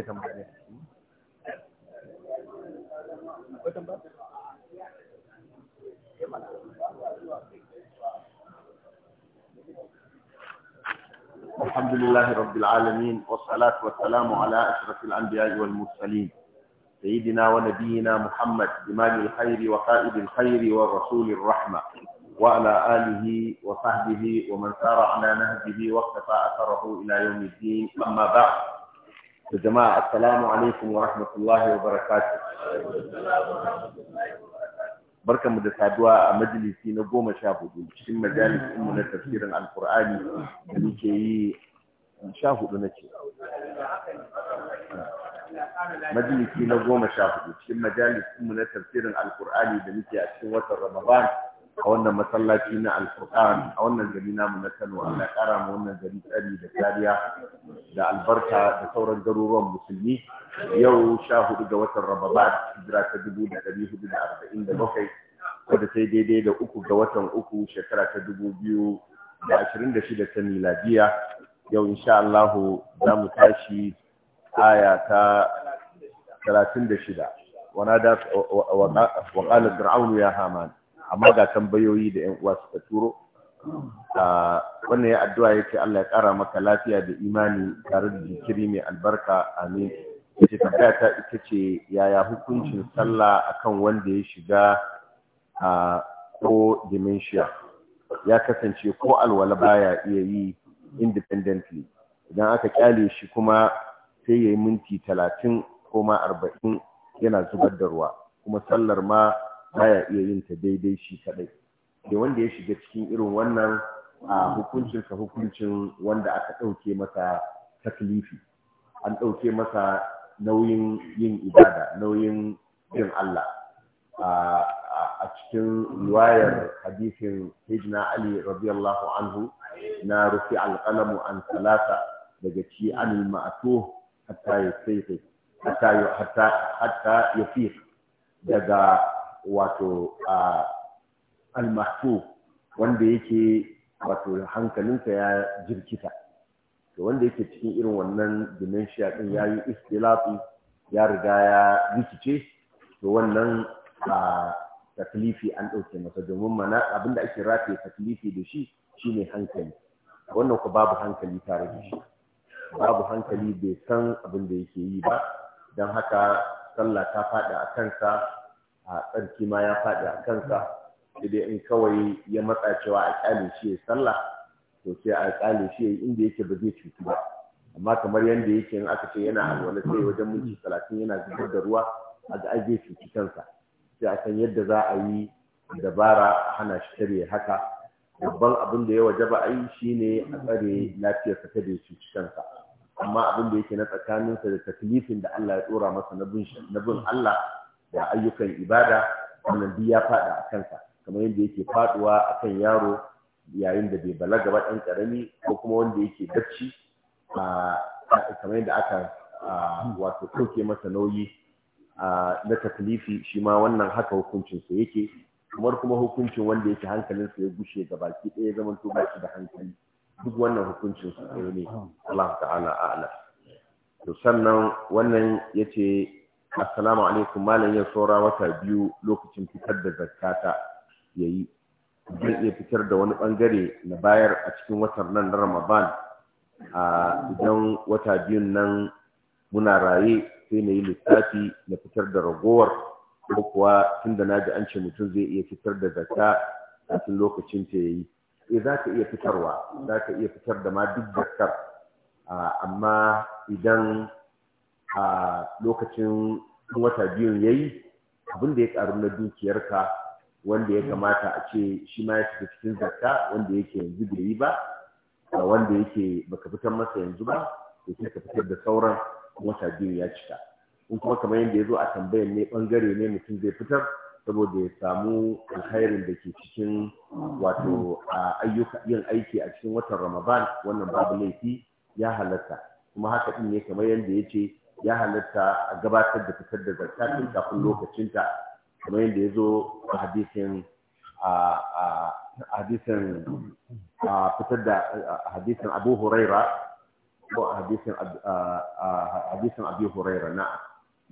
الحمد لله رب العالمين والصلاة والسلام على أشرف الأنبياء والمرسلين سيدنا ونبينا محمد إمام الخير وقائد الخير والرسول الرحمة وعلى آله وصحبه ومن سار على نهجه واقتفى أثره إلى يوم الدين أما بعد jama'a assalamu alaikum wa rahmatullahi wa barakatuh barkamu da saduwa a majalisi na goma sha hudu cikin majalisinmu na tafsirin alkur'ani da muke yi sha hudu na ce majalisi na goma sha hudu cikin na tafsirin alkur'ani da muke a cikin watan ramadan a wannan masallaci na alfurqan a wannan gari namu na Kano Allah ya kara mu wannan gari tsari da kariya da albarka da sauran garuruwan musulmi yau sha hudu ga watan Ramadan hijira ta dubu da ɗari hudu da arba'in da bakwai wadda sai daidai da uku ga watan uku shekara ta dubu biyu da ashirin da shida ta miladiya yau insha Allah za mu tashi aya ta talatin da shida ونادى وقال فرعون يا هامان amma ga tambayoyi da yan uwa suka turo wannan ya addu'a yake Allah ya kara maka lafiya da imani tare da jikiri mai albarka amin yace tambaya ta ita ce yaya hukuncin sallah akan wanda ya shiga a ko dementia ya kasance ko alwala baya iya yi independently idan aka kyale shi kuma sai ya yi minti talatin ko ma arba'in yana zubar da ruwa kuma sallar ma baya iya yin ta daidai shi kadai da wanda ya shiga cikin irin wannan a hukuncin ka hukuncin wanda aka ɗauke masa taklifi an ɗauke masa nauyin yin ibada nauyin yin Allah a cikin riwayar hadisin Sayyidina Ali radiyallahu anhu na rufi alƙalamu an talata daga ci an ma'ato hatta ya hatta hatta ya daga wato almahfu wanda yake wato hankalinsa ya jirkita to wanda yake cikin irin wannan dementia din ya yi istilafi ya riga ya rikice to wannan a taklifi an ɗauke masa domin mana abinda ake rataye taklifi da shi shine hankali wannan ku babu hankali tare da shi babu hankali bai san abin da yake yi ba don haka sallah ta faɗi a kansa a tsarki ma ya faɗi a kansa dai in kawai ya matsa cewa a ƙyale shi ya sallah to sai a ƙyale shi ya inda yake ba zai cutu ba amma kamar yadda yake in aka ce yana alwala sai wajen minti talatin yana zubar da ruwa a ga zai cuci kansa sai a san yadda za a yi dabara a hana shi karye haka babban abin da ya waje ba a yi shi ne a tsare lafiyarsa ta da ya cuci kansa amma abin da yake na tsakaninsa da taklifin da Allah ya dora masa na bin Allah da ayyukan ibada wannan duk ya faɗa a kansa kamar yadda yake faduwa a kan yaro yayin da bai balaga ba ɗan ƙarami ko kuma wanda yake bacci kamar yadda aka wato ɗauke masa nauyi na taklifi shi ma wannan haka hukuncinsa yake kamar kuma hukuncin wanda yake hankalin hankalinsa ya gushe ga baki ɗaya zaman to ba da hankali duk wannan hukuncin ne Allah ta'ala a'ala to sannan wannan yace assalamu alaikum malam ya saura wata biyu lokacin fitar da zakata yi. zan iya fitar da wani bangare na bayar a cikin watan nan na Ramadan a idan wata biyun nan muna raye sai na yi lissafi na fitar da ragowar ko kuwa tun da naji an ce mutum zai iya fitar da zakka kafin lokacin ta ya yi. E, eh, za ka iya fitarwa za ka iya fitar da ma duk zakkar amma idan a lokacin in wata biyun ya yi abin da ya karu na dukiyarka wanda ya kamata a ce shi ma ya shiga cikin zakka wanda yake yanzu bai yi ba wanda yake baka fitar masa yanzu ba to sai ka fitar da sauran wata biyun ya cika in kuma kamar yadda ya zo a tambayar ne bangare ne mutum zai fitar saboda ya samu alkhairin da ke cikin wato ayyuka yin aiki a cikin watan ramadan wannan babu laifi ya halatta kuma haka din ne kamar yadda ya ce ya halitta a gabatar da fitar da zakka tun kafin lokacinta kamar yadda ya zo a hadisin a fitar da hadisin Abu Huraira ko hadisin Abu Huraira na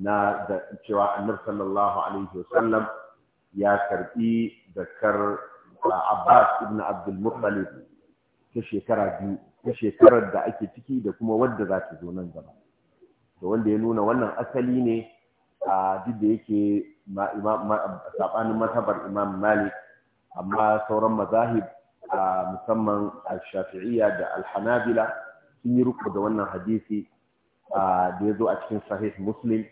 na da cewa Annabi sallallahu alaihi wa sallam ya karbi zakar Abbas ibn Abdul Muttalib ta shekara biyu ta shekarar da ake ciki da kuma wadda za ta zo nan gaba da wanda ya nuna wannan asali ne a duk da yake saɓanin matabar imam malik amma sauran mazahib a musamman al-shafi'iyya da al sun yi ruku da wannan hadisi da ya zo a cikin sahih muslim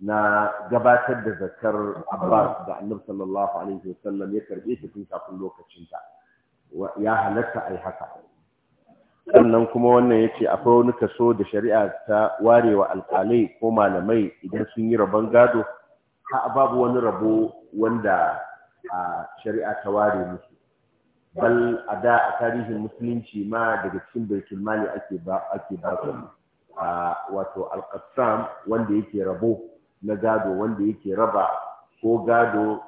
na gabatar da zakar abbas da annabi sallallahu alaihi wasallam ya karbe ta tun kafin lokacinta ya halatta ai haka sannan kuma wannan ya ce akwai wani kaso da shari'a ta warewa alƙalai ko malamai idan sun yi rabon gado ha babu wani rabo wanda a shari'a ta ware musu bal a da a tarihin musulunci ma daga cikin baitul mali ake ba ake ba a wato alqassam wanda yake rabo na gado wanda yake raba ko gado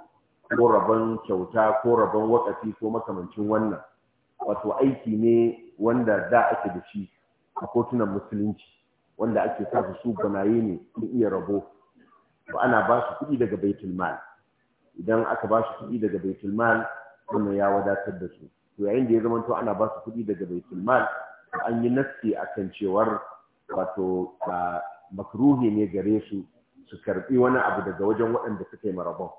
ko rabon kyauta ko rabon wakafi ko makamancin wannan wato aiki ne wanda da ake da shi a kotunan musulunci wanda ake sa su gwanaye ne sun iya rabo to ana ba su kuɗi daga baitul mal idan aka ba su kuɗi daga baitul mal wannan ya wadatar da su to yayin da ya zama to ana ba su kuɗi daga baitul mal to an yi nassi akan cewar wato makruhi ne gare su su karbi wani abu daga wajen waɗanda suka yi marabon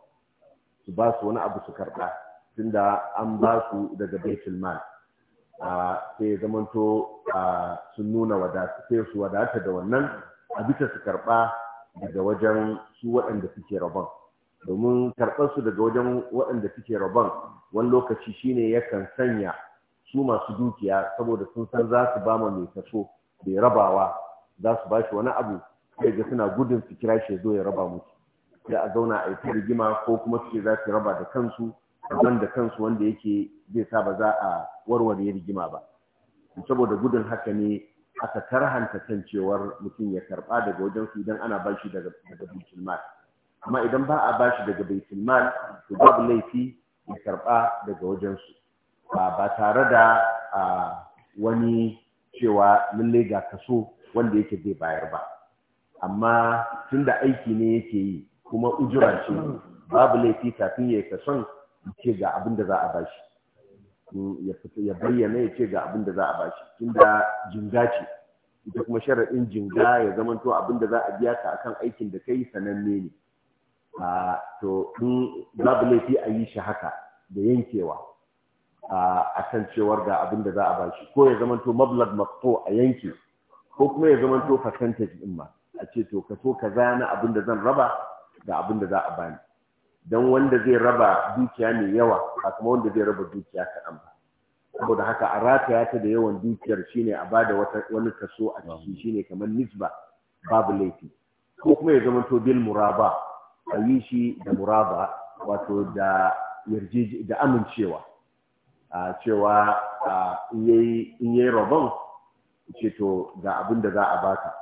su ba su wani abu su karɓa tunda an ba su daga baitul mal sai ya zamanto sun nuna wadata sai su wadata da wannan a bisa su karɓa daga wajen su waɗanda suke rabon domin karɓar su daga wajen waɗanda suke rabon wani lokaci shine yakan sanya su masu dukiya saboda sun san za su ba ma mai kaso bai rabawa za su ba shi wani abu sai ga suna gudun su kira shi zo ya raba musu sai a zauna a yi rigima ko kuma suke za su raba da kansu zan da kansu wanda yake zai sa ba za a warware rigima ba saboda gudun haka ne aka karhanta kan cewar mutum ya karba daga wajen su idan ana bashi daga baitul mal amma idan ba a bashi daga baitul mal to babu laifi ya karba daga wajen su ba tare da wani cewa lalle ga kaso wanda yake zai bayar ba amma tun da aiki ne yake yi kuma ujura ce babu laifi kafin ya kason ce ga abin da za a bashi ya bayyana ya ce ga abin da za a bashi inda jinga ce ita kuma sharaɗin jinga ya zamanto abin da za a biya ka akan aikin da kai sananne ne a to in babu laifi a yi shi haka da yankewa a kan cewar ga abin da za a bashi ko ya zamanto mablag makto a yanke ko kuma ya zamanto percentage din ma a ce to kaso ka na abin da zan raba ga abin da za a bani don wanda zai raba dukiya mai yawa a kuma wanda zai raba dukiya kaɗan ba saboda haka a rataya ta da yawan dukiyar shine a bada wani kaso a ciki shine kamar nisba babu laifi ko kuma ya zama to bil muraba a yi shi da muraba wato da yarjeji da amincewa a cewa in yayi rabon ce to ga abin da za a baka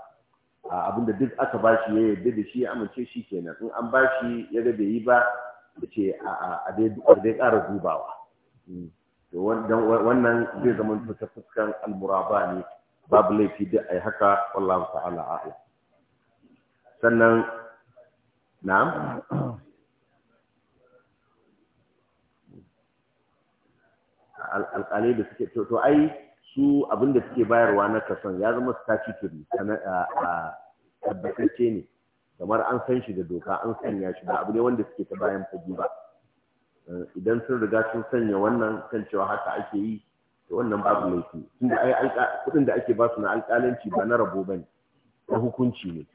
abinda duk aka bashi ya yarda da shi ya amince shi kenan in an ba shi ya ga bai yi ba da ce a dai ƙara dubawa wannan zai zama ta fuskan almuraba ne babu laifi da ai haka wallahu ta'ala a'lam sannan na'am alƙalai da suke to ai su abin da suke bayarwa na kason ya zama statutory a tabbatacce ne kamar an san shi da doka an sanya shi ba abu ne wanda suke ta bayan fage ba eh, idan sun riga sun sanya wannan kan cewa haka ake yi to wannan babu laifi tunda ai kudin da ake ba su na alƙalanci ba na rabo bane na hukunci ne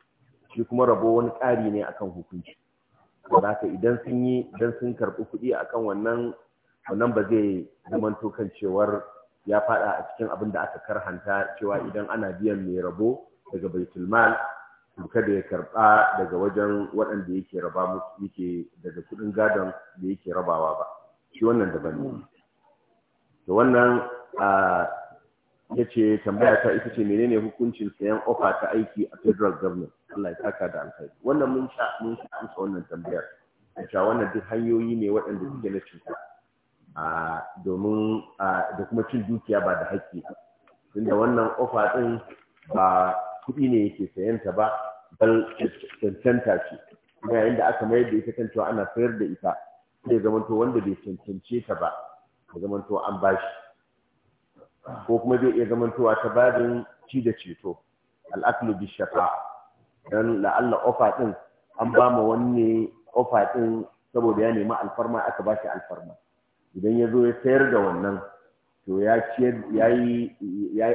shi kuma rabo wani ƙari ne akan hukunci saboda haka idan sun yi idan sun karɓi kuɗi akan wannan wannan ba zai zamanto kan cewar ya fada a cikin abin da aka karhanta cewa hmm. idan ana biyan mai rabo daga baitul mal da ya karba daga wajen waɗanda yake raba musu yake daga kudin gadon da yake rabawa ba shi wannan daban ne hmm. to wannan ya ce tambaya ta ita ce menene hukuncin sayan ofa ta aiki a federal government Allah ya saka da alkai wannan mun sha mun sha wannan tambayar a wannan duk hanyoyi ne waɗanda suke na cuta domin da kuma cin dukiya ba da haƙƙi inda wannan ofa ɗin ba kuɗi ne yake sayanta ba bal cancanta ce kuma yayin da aka mayar da ita kan cewa ana sayar da ita sai to wanda bai cancance ta ba ya to an bashi ko kuma zai iya zamantowa ta bayan ci da ceto al'aklu bi shafa dan la'alla ofa ɗin an ba ma wanne ofa ɗin saboda ya nemi alfarma aka bashi alfarma idan ya zo ya sayar da wannan to ya ciyar ya yi ya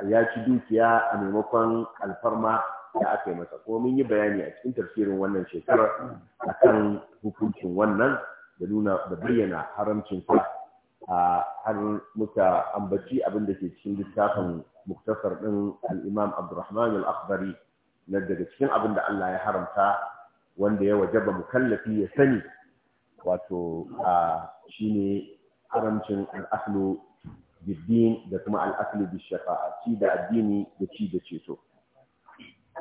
ya ci dukiya a maimakon alfarma da aka yi masa kuma mun yi bayani a cikin tafsirin wannan shekarar akan hukuncin wannan da nuna da bayyana haramcin sa a har muka ambaci abin da ke cikin littafin muktasar din al-Imam Abdurrahman al-Akhbari na daga cikin abin da Allah ya haramta wanda ya wajaba mukallafi ya sani wato a shine haramcin al'aslu biddin da kuma al'aslu bi shafa'a ci da addini da ci da ceto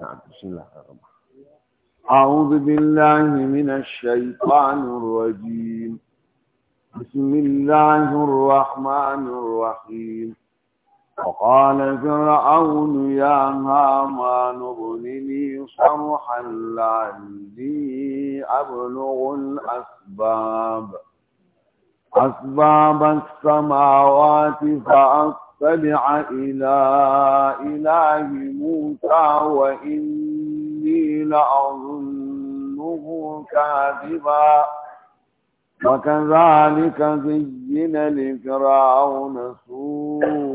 na'am bismillah ar-rahman أعوذ بالله من الشيطان الرجيم بسم الله الرحمن الرحيم وقال فرعون يا هامان ابن لي صرحا لعلي أبلغ الأسباب أسباب السماوات فأطلع إلى إله موسى وإني لأظنه كاذبا وكذلك زين لفرعون سوء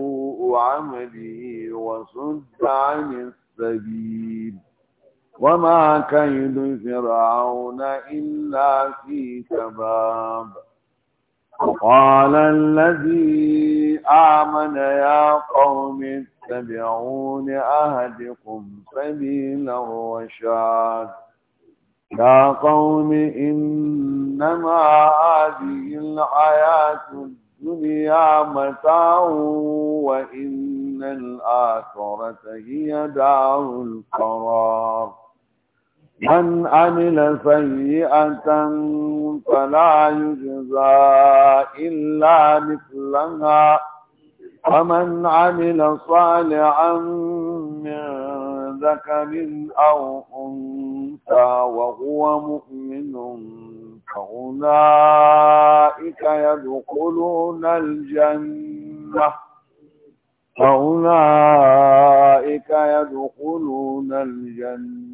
عملي وصد عن السبيل وما كيد فرعون إلا في كباب قال الذي آمن يا قوم اتبعون أهدكم سبيل الرشاد يا قوم إنما هذه الحياة الدنيا متاع وإن الآخرة هي دار القرار من عمل سيئة فلا يجزى إلا مثلها ومن عمل صالحا من ذكر أو أنثى وهو مؤمن فأولئك يدخلون الجنة فأولئك يدخلون الجنة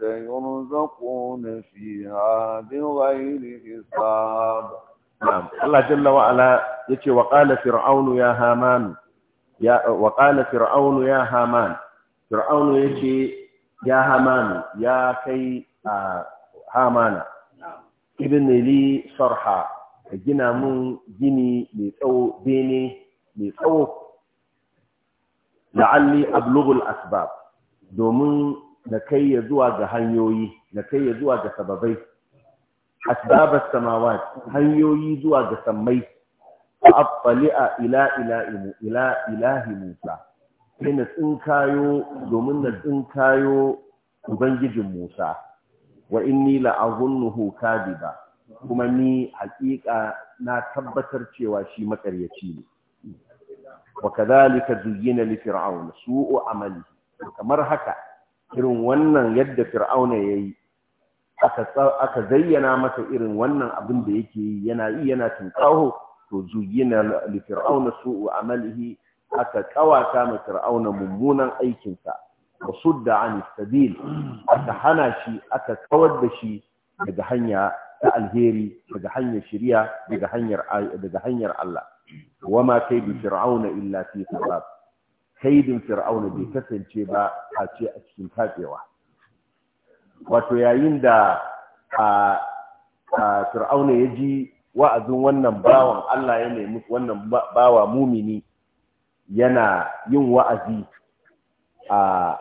يرزقون فيها بغير حساب نعم الله جل وعلا يتي وقال فرعون يا هامان يا وقال فرعون يا هامان فرعون يتي يا هامان يا كي هامان ibn li sarha ka gina mun gini mai tsawo bene mai tsawo la'alli ablughul asbab domin na kai ya zuwa ga hanyoyi na kai ya zuwa ga sababai as samawat hanyoyi zuwa ga sammai fa'attali'a ila ilahi ila ilahi musa sai na tsinkayo domin na tsinkayo ubangijin musa wa inni la'azunnuhu kadiba kuma ni hakika na tabbatar cewa shi makaryaci ne wa kadhalika zuyyina li fir'aun su'u amali kamar haka irin wannan yadda fir'auna yayi aka aka zayyana masa irin wannan abin da yake yi yana yi yana tunkaho to zuyyina li fir'auna su'u amalihi aka kawata ma fir'auna mummunan aikinsa wa sudda an sabil aka hana shi aka kawar da shi daga hanya ta alheri daga hanyar shari'a daga hanyar daga hanyar Allah wama kaidu fir'auna illa fi khabab kaidin fir'auna bai kasance ba a ce a cikin tatsewa wato yayin da a fir'auna ya ji wa'azin wannan bawan Allah ya nemi wannan bawa mumini yana yin wa'azi a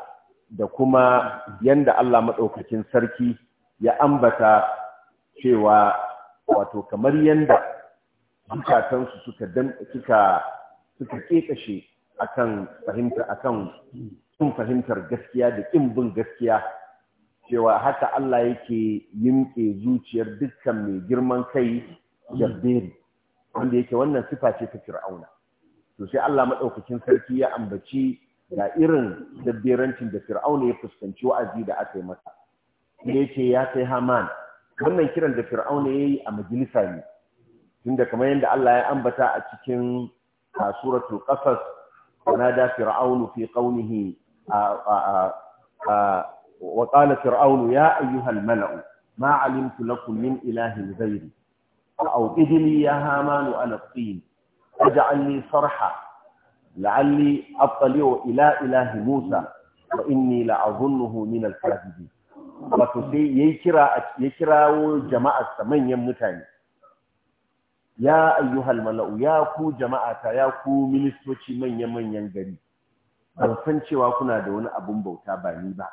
da kuma yanda Allah maɗaukakin sarki ya ambata cewa wato kamar yanda zukatansu suka suka suka kekashe akan fahimta fahimtar gaskiya da ƙin bin gaskiya cewa haka Allah yake yimke zuciyar dukkan mai girman kai da jabberi wanda yake wannan sifa ce ta Fir'auna to sai Allah madaukakin sarki ya ambaci ga irin dabberancin da fir'auna ya fuskanci wa'azi da aka yi masa ne yake ya kai haman wannan kiran da fir'auna ya yi a majalisa ne tunda kamar yadda Allah ya ambata a cikin suratul qasas ونادى فرعون في قومه وقال فرعون يا أيها الملأ ما علمت لكم A إله غيري أو إذني يا هامان على الطين اجعل صرحا la'alli attali'u ila ilahi Musa wa inni la'azunnuhu min al-kadhibin wato sai yayi kira ya kirawo jama'ar manyan mutane ya ayyuhal mala'u ya ku jama'ata ya ku ministoci manyan manyan gari ban san cewa kuna da wani abun bauta ba ni ba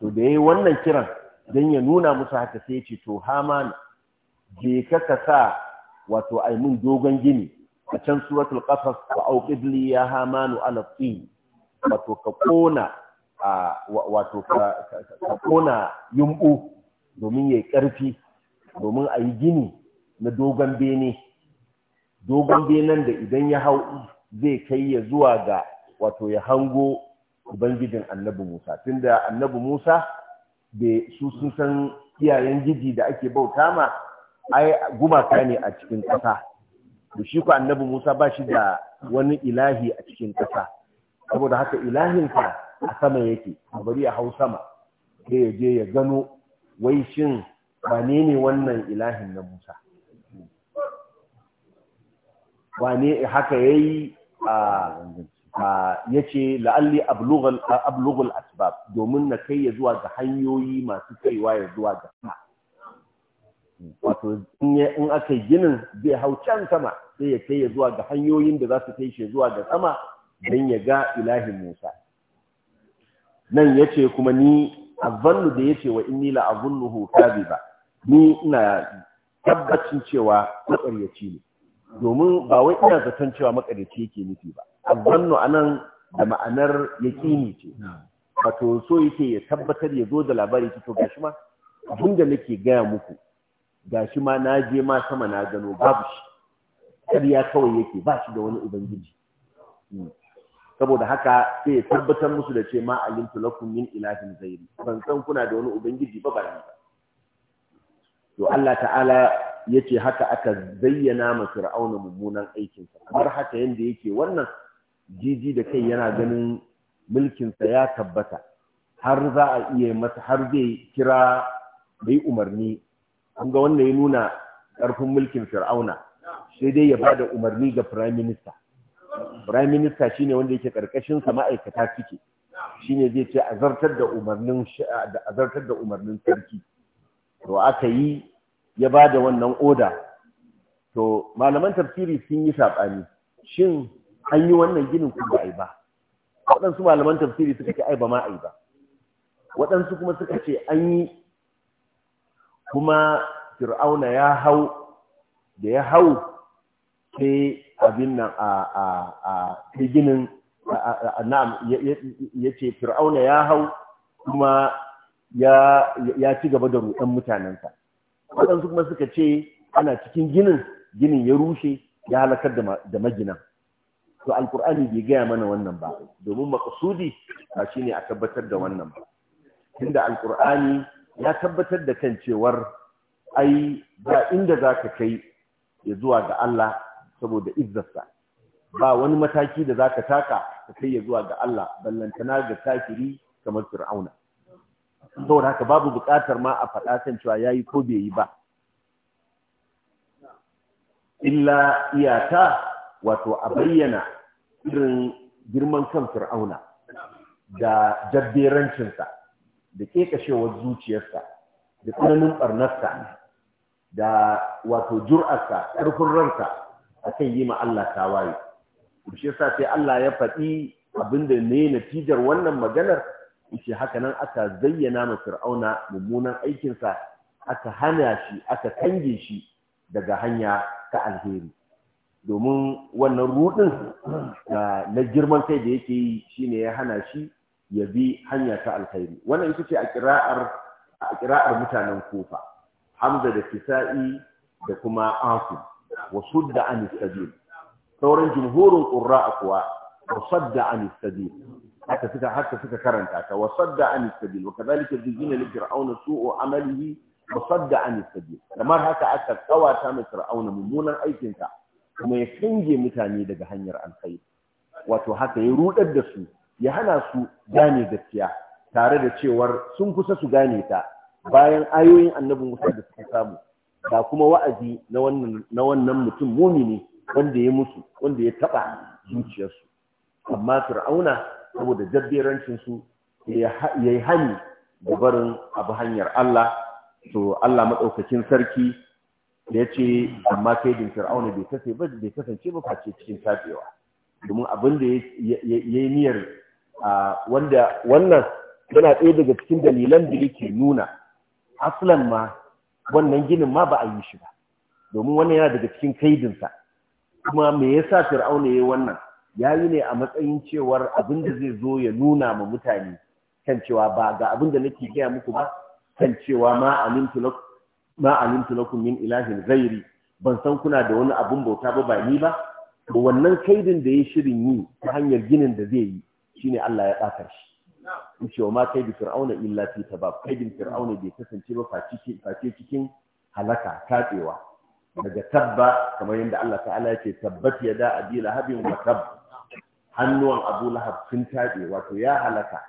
to da yayi wannan kiran dan ya nuna musu haka sai ya ce to Haman je ka ka sa wato ai mun dogon gini a can suratul qasas wa auqid li ya hamanu ala tin wato ka kona wato ka kona yumbu domin yayi karfi domin a gini na dogon bene dogon benen da idan ya hau zai kai ya zuwa ga wato ya hango ubangijin annabi Musa tunda annabi Musa da su sun san iyayen giji da ake bauta ma ai gumaka ne a cikin kasa. da shi ku annabi Musa ba shi da wani ilahi a cikin ƙasa saboda haka ilahinsa a sama yake bari a hau sama sai ya je ya gano wai shin wane ne wannan ilahin na Musa wane haka yayi a ya ce la'alli ablughal asbab domin na kai ya zuwa ga hanyoyi masu kaiwa ya zuwa ga sama wato in aka ginin zai hau can sama sai ya kai ya zuwa ga hanyoyin da za su kai shi zuwa ga sama don ya ga ilahin Musa nan ya ce kuma ni azannu da ya ce wa inni la azunnuhu ba, ni ina tabbacin cewa makaryaci ne domin ba wai ina zaton cewa makaryaci yake nufi ba a anan da ma'anar yaqini ce wato so yake ya tabbatar ya zo da labari to gashi ma abin nake gaya muku Ga shi ma na je ma sama na gano babu shi ƙarya kawai yake ba shi da wani ubangiji hmm. saboda haka sai ya tabbatar musu da ce ma alimtu lakum min ilahin zairi ban san kuna da wani ubangiji ba ba to Allah ta'ala yace haka aka zayyana ma fir'auna mummunan aikinsa kamar haka yanda yake wannan jiji da kai yana ganin mulkin sa ya tabbata har za a iya masa har zai kira bai umarni An ga wanda ya nuna ƙarfin mulkin fir'auna sai dai ya bada umarni ga prime minister prime minister shine wanda yake karkashin sa ma'aikata suke shine zai ce a zartar da umarnin a zartar da umarnin sarki to aka yi ya bada wannan order to malaman tafsiri sun yi sabani shin an yi wannan ginin ko ba ai ba waɗansu malaman tafsiri suka ce ai ba ma ai ba waɗansu kuma suka ce an yi kuma fir'auna ya hau da ya hau sai abin nan a ginin na'am ya ce fir'auna ya hau kuma ya ci gaba da ruɗan mutanensa waɗansu kuma suka ce ana cikin ginin ginin ya rushe ya halakar da maginan to alkur'ani bai gaya mana wannan ba domin makasudi ba ne a tabbatar da wannan ba tunda alkur'ani ya tabbatar da kan cewar ai ba inda za ka kai ya zuwa ga Allah saboda izzarsa ba wani mataki da za ka taka ka kai ya zuwa ga Allah ballantana ga kafiri kamar fir'auna saboda haka babu buƙatar ma a faɗa kan cewa ya yi ko bai yi ba illa iyata wato a bayyana irin girman kan fir'auna da jabberancinsa da kekashewar zuciyarsa da tsananin barnarsa da wato jur'arsa ƙarfin ransa akan yi ma Allah tawaye shi sa sai Allah ya faɗi abin abinda ne natijar wannan maganar yace haka nan aka zayyana ma Fir'auna mummunan aikinsa aka hana shi aka kange shi daga hanya ta alheri domin wannan rudin ah, na girman kai da yake yi shine ya hana shi ya bi hanya ta alkhairi wannan ita ce a kira'ar a kira'ar mutanen kufa hamza da kisa'i da kuma asim wa sudda an sabil sauran jumhurun qurra kuwa wa sadda an sabil haka suka haka suka karanta ta wa sadda an sabil wa kadhalika dijina li fir'auna su'u amalihi wa sadda an sabil kamar haka aka kawata mai fir'auna mummunan aikinsa kuma ya kange mutane daga hanyar alkhairi wato haka ya rudar da su ya hana su gane gaskiya tare da cewar sun kusa su gane ta bayan ayoyin annabin Musa da suka samu ga kuma wa'azi na wannan mutum mumini wanda ya musu wanda ya taɓa zuciyarsu amma fir'auna saboda jabberancin su yi hani da barin abu hanyar Allah to Allah maɗaukakin sarki da ya ce amma kaidin fir'auna bai kasance ba face cikin tabewa domin abin da ya yi niyyar wanda wannan yana ɗaya daga cikin dalilan da yake nuna aslan ma wannan ginin ma ba a yi shi ba domin wannan yana daga cikin kaidinsa kuma me yasa fir'auna yayi wannan yayi ne a matsayin cewar abin da zai zo ya nuna ma mutane kan cewa ba ga abin da nake gaya muku ba kan cewa ma alimtu lakum ma alimtu lakum min ilahin ghairi ban san kuna da wani abin bauta ba ba ni ba wannan kaidin da ya shirin yi ta hanyar ginin da zai yi shine Allah ya ɓata shi shi wa ma kai bi fir'auna illa fi tabab kai bi fir'auna bai kasance ba face cikin halaka katsewa daga tabba kamar yadda Allah ta'ala yake tabbat ya da lahabin wa tab hannuwan abu lahab sun tabe wato ya halaka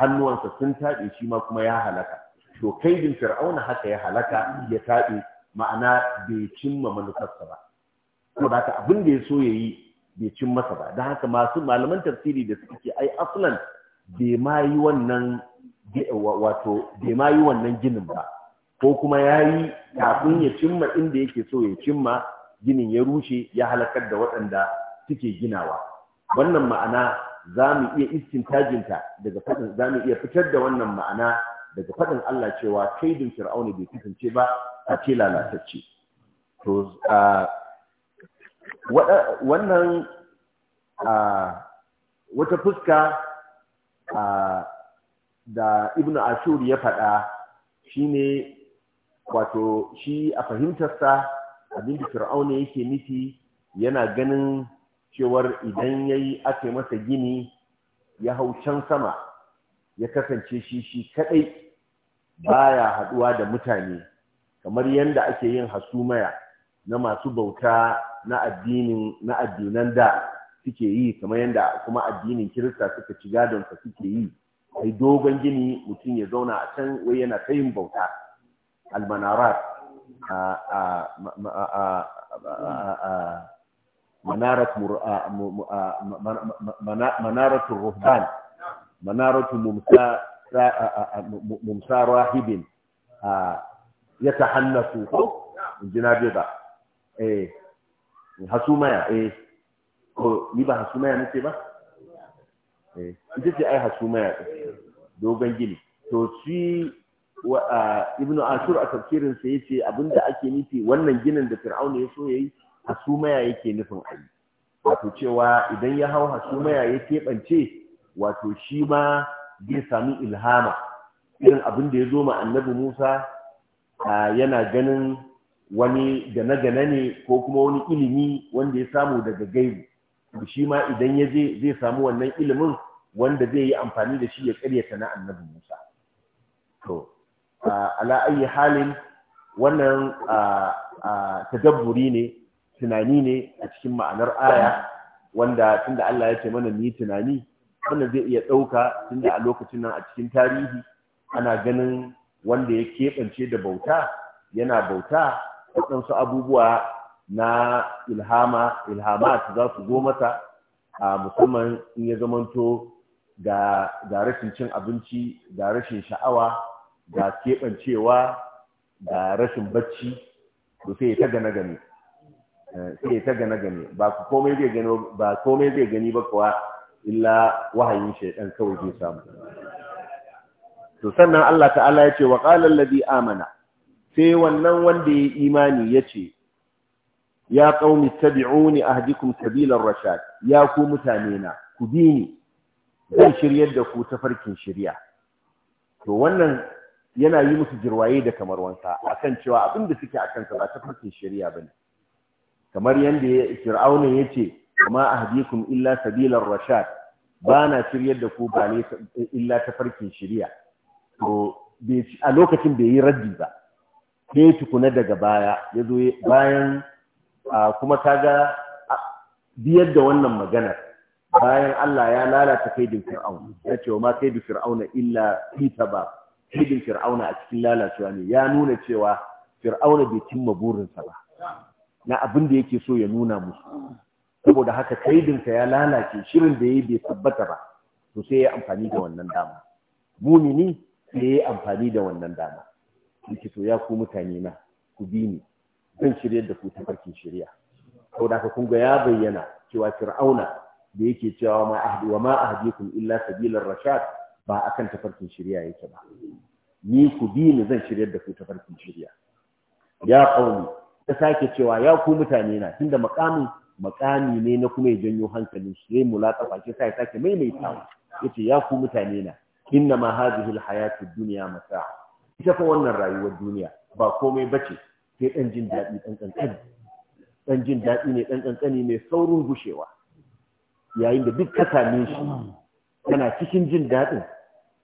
hannuwansa sun tabe shi ma kuma ya halaka to kai bi fir'auna haka ya halaka ya tabe ma'ana bai cimma manufarsa ba saboda haka abin da ya so ya yi. bai cin masa ba don haka masu malaman tafsiri da suke ce ai aslan bai ma yi wannan wato bai ma yi wannan ginin ba ko kuma ya yi kafin ya cimma inda yake so ya cimma ginin ya rushe ya halakar da waɗanda suke ginawa wannan ma'ana za mu iya istintajinta daga faɗin za mu iya fitar da wannan ma'ana daga faɗin Allah cewa kaidin fir'auna bai kasance ba a ce lalatacce to wannan wata fuska da ibn ashur ya faɗa shine wato shi a fahimtarsa abin da fir'auna yake nufi yana ganin cewar idan ya yi ake masa gini ya hau can sama ya kasance shi shi kaɗai baya haɗuwa da mutane kamar yadda ake yin hasumaya na masu bauta na addinin na addinan da suke yi kamar yadda kuma addinin kirista suka ci gadon sa suke yi ai dogon gini mutum ya zauna a can wai yana ta yin bauta almanarat Manaratun ruhban Manaratun mumsa rahibin ya tahannasu ko jina biyu ba eh, hasumaya eh ni ba hasumaya nace ba eh ita ce ai hasumaya dogon gini to shi ibnu ashur a tafsirin sa yace abinda ake nufi wannan ginin da fir'auna ya so yayi hasumaya yake nufin ai wato cewa idan ya hau hasumaya ya kebance, wato shi ma zai sami ilhama irin abinda da ya zo ma annabi Musa yana ganin wani gane-gane ne ko kuma wani ilimi wanda ya samu daga gaibu shi ma idan ya je zai samu wannan ilimin wanda zai yi amfani da shi ya karyata na annabi Musa to ala ayi halin wannan tadabburi ne tunani ne a cikin ma'anar aya wanda tunda Allah ya ce mana mu tunani wanda zai iya ɗauka tunda a lokacin nan a cikin tarihi ana ganin wanda ya keɓance da bauta yana bauta waɗansu abubuwa na ilhama ilhamat za su zo mata a musamman in ya zamanto ga rashin cin abinci ga rashin sha'awa ga keɓancewa ga rashin bacci to sai ta gane gane eh, sai ta gane gane ba komai zai gani ba komai zai gani ba kuwa illa wahayin shaidan kawai zai samu to sannan Allah ta'ala ya ce wa qala alladhi amana sai wannan wanda ya imani ya ce ya ƙauni tabi'uni ahdikum sabilar rashad ya ku mutane na ku bi ni zan shiryar da ku ta farkin shirya to wannan yana yi musu jirwaye da kamar wansa kan cewa abin da suke akan sa ba ta farkin shirya bane kamar ya fir'auna yace kuma ahdikum illa sabilar rashad ba na shiryar da ku ba ne illa ta farkin shirya to a lokacin bai yi raddi ba ne tukuna daga baya ya zo bayan kuma ta ga biyar da wannan magana bayan Allah ya lalata kaidin fir'auna ya ce wa ma kaidin fir'auna illa fita ba kaidin fir'auna a cikin lalacewa ne ya nuna cewa fir'auna bai cimma burinsa ba na abin da yake so ya nuna musu saboda haka kaidinsa ya lalace shirin da ya bai tabbata ba to sai ya amfani da wannan dama mumini sai ya amfani da wannan dama yake to ya ku mutane na ku bi ni zan shiryar da ku ta farkin shirya da haka kun ga ya bayyana cewa fir'auna da yake cewa ma ahdi wa ma ahdikum illa sabilar rashad ba akan tafarkin shirya yake ba ni ku bi ni zan shiryar da ku ta farkin shari'a ya qauli ta sake cewa ya ku mutane na tunda makamin makami ne na kuma ya janyo hankalin su yayi mulaqafa ke sai sake maimaitawa yace ya ku mutane na inna ma hadhihi alhayatu dunya mata'a ita fa wannan rayuwar duniya ba komai bace sai dan jin daɗi dan kankani dan jin daɗi ne dan kankani mai saurin gushewa yayin da duk ka same shi kana cikin jin daɗin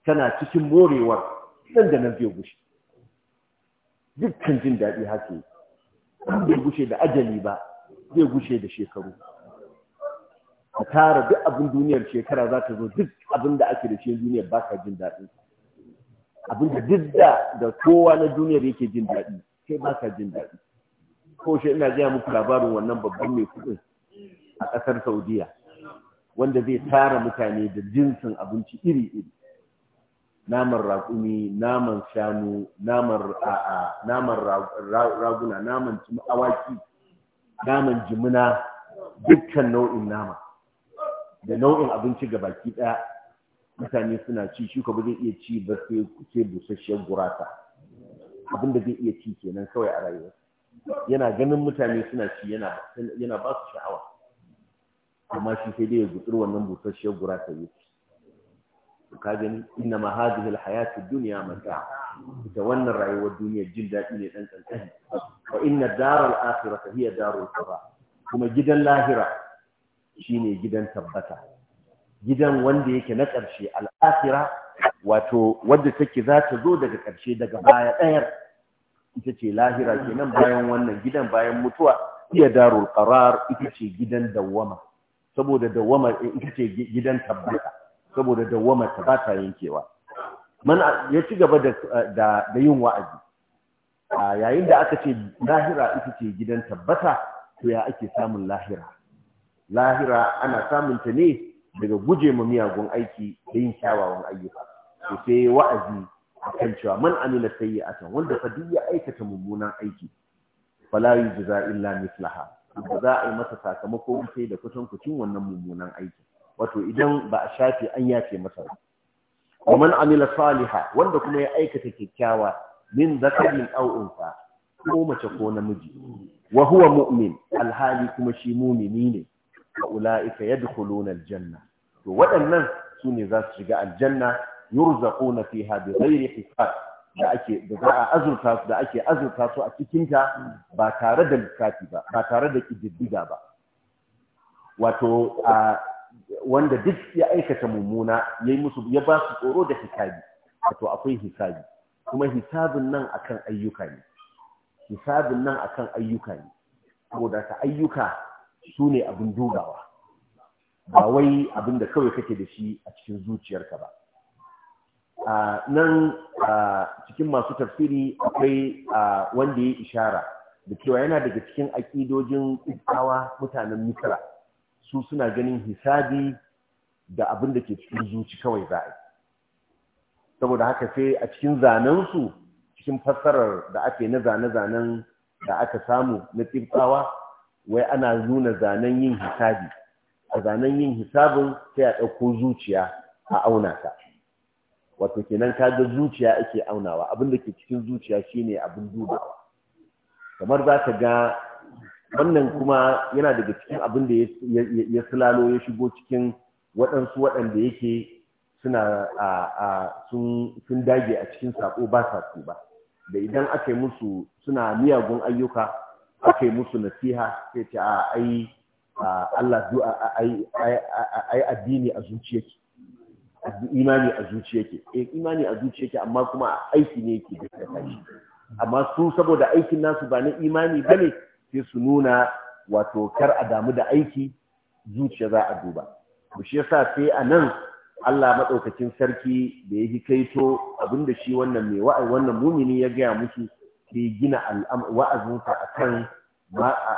kana cikin morewar ɗan da nan zai gushe dukkan jin daɗi haka bai gushe da ajali ba zai gushe da shekaru a tara duk abin duniyar shekara za ta zo duk abin da ake da shi duniyar ba ka jin daɗin da duk da da kowa na duniyar yake jin daɗi sai ba ka jin daɗi ko shi ina gaya muku labarin wannan babban mai kuɗin a ƙasar saudiya wanda zai tara mutane da jinsin abinci iri-iri naman raƙumi naman shanu naman a'a naman raguna naman awaki naman jimina dukkan nau'in nama da nau'in abinci ga baki ɗaya mutane suna ci shuka ba zai iya ci ba sai busasshiyar gurasa abin da zai iya ci kenan kawai a rayuwa yana ganin mutane suna ci yana ba su sha'awa amma shi sai dai ya gutsuri wannan busasshiyar gurasa ya ci ka gani inna ma hadhihi alhayatu dunya mata ita wannan rayuwar duniya jin daɗi ne dan kankani wa inna daral akhirata hiya darul qara kuma gidan lahira shine gidan tabbata gidan wanda yake na ƙarshe al'afira wato wadda take za ta zo daga ƙarshe daga baya ɗayar ita ce lahira kenan bayan wannan gidan bayan mutuwa iya darul qarar ita ce gidan dawwama saboda dawwama eh, ita ce gidan tabbata saboda dawwama ta ba ta yankewa man ya ci gaba da yin wa'azi a yayin da aka ce lahira ita ce gidan tabbata to ya ake samun lahira lahira ana samun ta ne daga guje ma miyagun aiki da yin kyawawan ayyuka to sai wa'azi akan cewa man amila sayyi'atan wanda fa duk ya aikata mummunan aiki fala yujza illa mislaha ba za a yi masa sakamako sai da kusan kucin wannan mummunan aiki wato idan ba a shafe an yace masa ba wa man amila saliha wanda kuma ya aikata kyakkyawa min zakarin aw unsa ko mace ko namiji wa huwa mu'min alhali kuma shi mumini ne fa'ula'ika yadkhuluna aljanna to waɗannan sune za su shiga aljanna yurzaquna fiha bighairi hisab da ake da za a azurta su da ake azurta su a cikinta ta ba tare da lissafi ba ba tare da ƙididdiga ba wato wanda duk ya aikata mummuna yayi musu ya ba su tsoro da hisabi wato akwai hisabi kuma hisabin nan akan ayyuka ne hisabin nan akan ayyuka ne saboda ka ayyuka su ne abin dubawa ba wai abin da kawai kake da shi a cikin zuciyarka ba nan cikin masu tafsiri akwai wanda ya ishara da cewa yana daga cikin aƙidojin ƙisawa mutanen misra su suna ganin hisabi da abin da ke cikin zuci kawai za a yi saboda haka sai a cikin zanensu cikin fassarar da ake na zane-zanen da aka samu na tsibtsawa wai ana nuna zanen yin hisabi a zanen yin hisabin sai a ɗauko zuciya a auna ta wato kenan ga zuciya ake aunawa abin da ke cikin zuciya shine abin dubawa kamar za ka ga wannan kuma yana daga cikin abin da ya silalo ya shigo cikin waɗansu waɗanda yake suna a sun dage a cikin sako ba sa ba da idan aka yi musu suna miyagun ayyuka aka yi musu nasiha sai ce a ai Allah zuwa ai addini a zuciyake imani a zuciyake eh imani a zuciyake amma kuma aiki ne yake da kashi amma su saboda aikin nasu ba na imani bane sai su nuna wato kar a damu da aiki zuciya za a duba to shi yasa sai a nan Allah madaukakin sarki da ya kaito, abinda shi wannan mai wa'ai wannan mumini ya gaya musu sai gina wa'azinsa kan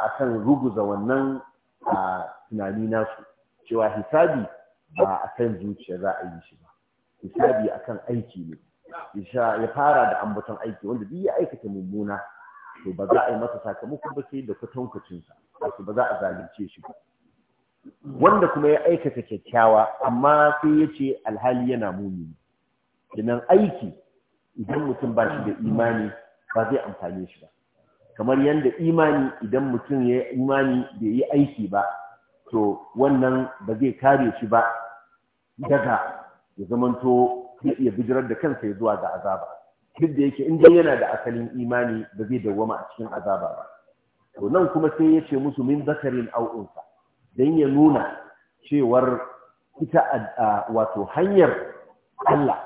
akan ruguza wannan a tunani nasu cewa hisabi ba a kan zuciya za a yi shi ba hisabi akan aiki ne ya fara da ambaton aiki wanda duk ya aikata mummuna to ba za a yi masa sakamako ba sai da kwatankwacinsa wato ba za a zalunce shi ba wanda kuma ya aikata kyakkyawa amma sai ya ce alhali yana muni kenan aiki idan mutum ba shi da imani ba zai amfane shi ba kamar yadda imani idan mutum ya imani bai yi aiki ba to wannan ba zai kare shi ba daga ya zamanto ya iya bijirar da kansa ya zuwa ga azaba duk da yake inda yana da asalin imani ba zai dawwama a cikin azaba ba to nan kuma sai ya ce musu min zakarin au'unsa don ya nuna cewar ita wato hanyar Allah